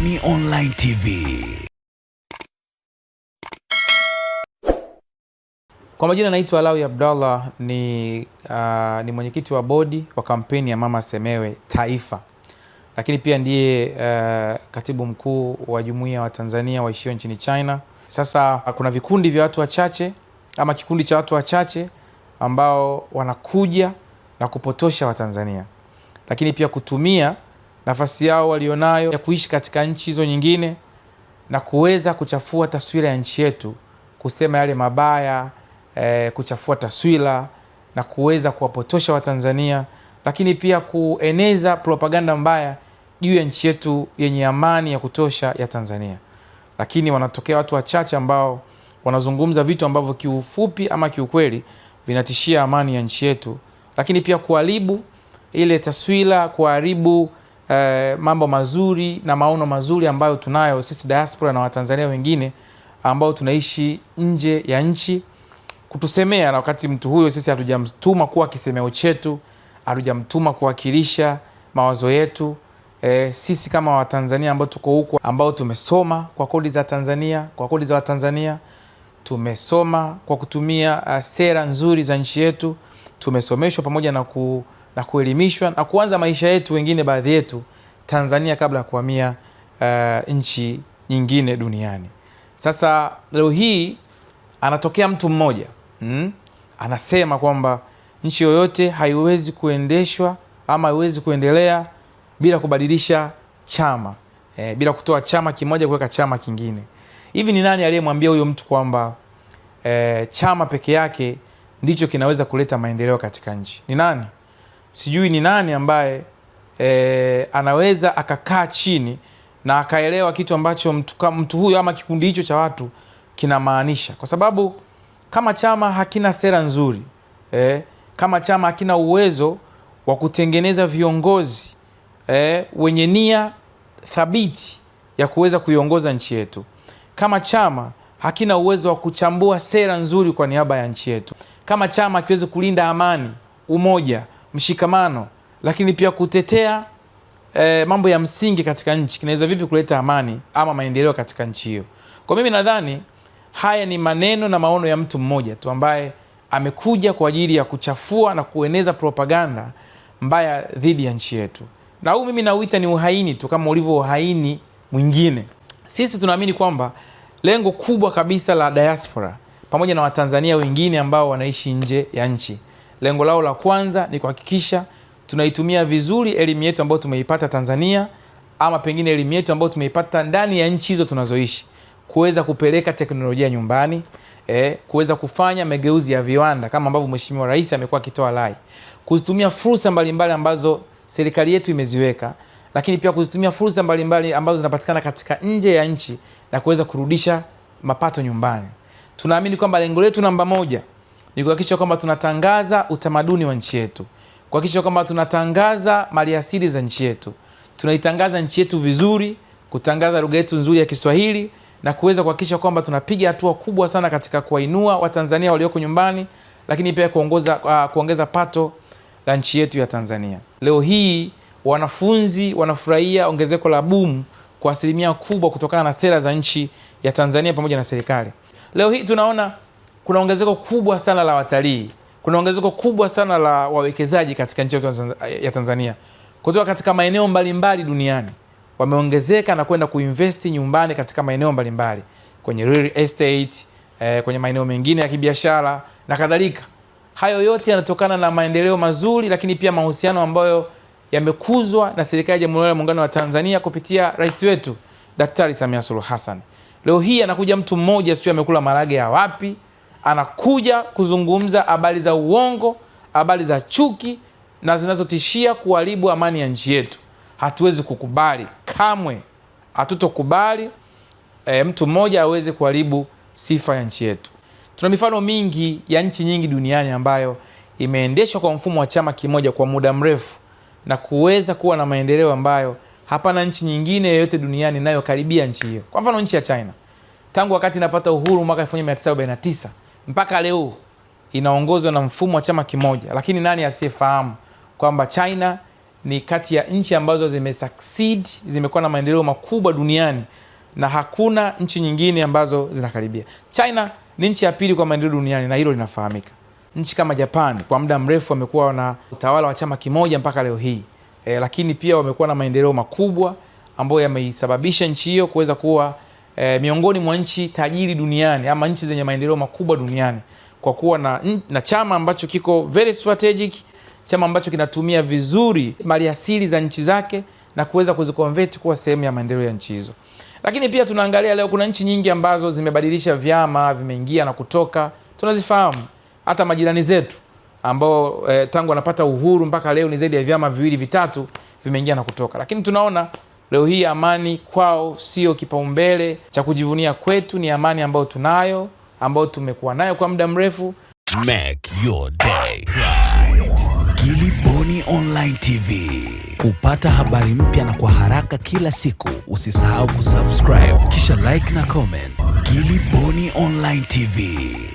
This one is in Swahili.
Boni Online TV. Kwa majina naitwa Alawi Abdallah ni, uh, ni mwenyekiti wa bodi wa kampeni ya Mama Semewe Taifa, lakini pia ndiye uh, katibu mkuu wa jumuiya wa Tanzania waishio nchini China. Sasa uh, kuna vikundi vya watu wachache ama kikundi cha watu wachache ambao wanakuja na kupotosha Watanzania, lakini pia kutumia nafasi yao walionayo ya kuishi katika nchi hizo nyingine na kuweza kuchafua taswira ya nchi yetu, kusema yale mabaya e, kuchafua taswira na kuweza kuwapotosha Watanzania, lakini pia kueneza propaganda mbaya juu ya nchi yetu yenye amani ya kutosha ya Tanzania. Lakini wanatokea watu wachache ambao wanazungumza vitu ambavyo kiufupi ama kiukweli vinatishia amani ya nchi yetu, lakini pia kuharibu ile taswira, kuharibu eh, mambo mazuri na maono mazuri ambayo tunayo sisi diaspora na Watanzania wengine ambao tunaishi nje ya nchi kutusemea, na wakati mtu huyo sisi hatujamtuma kuwa kisemeo chetu, hatujamtuma kuwakilisha mawazo yetu. E, sisi kama Watanzania ambao tuko huko ambao tumesoma kwa kodi za Tanzania, kwa kodi za Watanzania, tumesoma kwa kutumia uh, sera nzuri za nchi yetu, tumesomeshwa pamoja na ku na kuelimishwa na kuanza maisha yetu wengine baadhi yetu Tanzania kabla ya kuhamia uh, nchi nyingine duniani. Sasa leo hii anatokea mtu mmoja mm, anasema kwamba nchi yoyote haiwezi kuendeshwa ama haiwezi kuendelea bila kubadilisha chama e, bila kutoa chama kimoja kuweka chama kingine. Hivi ni nani aliyemwambia huyo mtu kwamba e, chama peke yake ndicho kinaweza kuleta maendeleo katika nchi? Ni nani? sijui ni nani ambaye e, anaweza akakaa chini na akaelewa kitu ambacho mtu, mtu huyo ama kikundi hicho cha watu kinamaanisha, kwa sababu kama chama hakina sera nzuri e, kama chama hakina uwezo wa kutengeneza viongozi e, wenye nia thabiti ya kuweza kuiongoza nchi yetu, kama chama hakina uwezo wa kuchambua sera nzuri kwa niaba ya nchi yetu, kama chama akiwezi kulinda amani, umoja mshikamano, lakini pia kutetea e, mambo ya msingi katika nchi kinaweza vipi kuleta amani ama maendeleo katika nchi hiyo. Kwa mimi nadhani haya ni maneno na maono ya mtu mmoja tu ambaye amekuja kwa ajili ya kuchafua na kueneza propaganda mbaya dhidi ya nchi yetu, na huu mimi nauita ni uhaini tu kama ulivyo uhaini mwingine. Sisi tunaamini kwamba lengo kubwa kabisa la diaspora pamoja na Watanzania wengine ambao wanaishi nje ya nchi lengo lao la kwanza ni kuhakikisha tunaitumia vizuri elimu yetu ambayo tumeipata Tanzania ama pengine elimu yetu ambayo tumeipata ndani ya nchi hizo tunazoishi kuweza kupeleka teknolojia nyumbani eh, kuweza kufanya mageuzi ya viwanda kama ambavyo Mheshimiwa Rais amekuwa akitoa rai, kuzitumia fursa mbalimbali ambazo serikali yetu imeziweka, lakini pia kuzitumia fursa mbalimbali ambazo zinapatikana katika nje ya nchi na kuweza kurudisha mapato nyumbani. Tunaamini kwamba lengo letu namba moja ni kuhakikisha kwamba tunatangaza utamaduni wa nchi yetu, kuhakikisha kwamba tunatangaza maliasili za nchi yetu, tunaitangaza nchi yetu vizuri, kutangaza lugha yetu nzuri ya Kiswahili na kuweza kuhakikisha kwamba tunapiga hatua kubwa sana katika kuwainua Watanzania walioko nyumbani, lakini pia kuongoza, uh, kuongeza pato la nchi yetu ya Tanzania. Leo hii wanafunzi wanafurahia ongezeko la bumu kwa asilimia kubwa kutokana na sera za nchi ya Tanzania pamoja na serikali. Leo hii tunaona kuna ongezeko kubwa sana la watalii, kuna ongezeko kubwa sana la wawekezaji katika nchi ya Tanzania kutoka katika maeneo mbalimbali duniani wameongezeka na kwenda kuinvesti nyumbani katika maeneo mbalimbali kwenye real estate, eh, kwenye maeneo mengine ya kibiashara na kadhalika. Hayo yote yanatokana na maendeleo mazuri, lakini pia mahusiano ambayo yamekuzwa na serikali ya Jamhuri ya Muungano wa Tanzania kupitia rais wetu Daktari Samia Suluhu Hassan. Leo hii anakuja mtu mmoja, sijui amekula marage ya wapi anakuja kuzungumza habari za uongo, habari za chuki na zinazotishia kuharibu amani ya nchi yetu. Hatuwezi kukubali kamwe, hatutokubali e, mtu mmoja aweze kuharibu sifa ya nchi yetu. Tuna mifano mingi ya nchi nyingi duniani ambayo imeendeshwa kwa mfumo wa chama kimoja kwa muda mrefu na kuweza kuwa na maendeleo ambayo hapana nchi nyingine yoyote duniani inayokaribia nchi hiyo. Kwa mfano nchi ya China tangu wakati inapata uhuru mwaka 1949 mpaka leo inaongozwa na mfumo wa chama kimoja, lakini nani asiyefahamu kwamba China ni kati ya nchi ambazo zime zimekuwa na maendeleo makubwa duniani na hakuna nchi nyingine ambazo zinakaribia. China ni nchi ya pili kwa maendeleo duniani na hilo linafahamika. Nchi kama Japan kwa muda mrefu wamekuwa na utawala wa chama kimoja mpaka leo hii e, lakini pia wamekuwa na maendeleo makubwa ambayo yameisababisha nchi hiyo kuweza kuwa e, miongoni mwa nchi tajiri duniani ama nchi zenye maendeleo makubwa duniani kwa kuwa na, na chama ambacho kiko very strategic, chama ambacho kinatumia vizuri maliasili za nchi zake na kuweza kuzikonvert kuwa sehemu ya maendeleo ya nchi hizo. Lakini pia tunaangalia leo, kuna nchi nyingi ambazo zimebadilisha vyama, vimeingia na kutoka, tunazifahamu hata majirani zetu ambao eh, tangu wanapata uhuru mpaka leo ni zaidi ya vyama viwili vitatu vimeingia na kutoka, lakini tunaona Leo hii amani kwao sio kipaumbele cha kujivunia kwetu, ni amani ambayo tunayo, ambayo tumekuwa nayo kwa muda mrefu. Make your day Gilly Bonny Online TV, kupata habari mpya na kwa haraka kila siku, usisahau kusubscribe kisha like na comment. Gilly Bonny Online TV.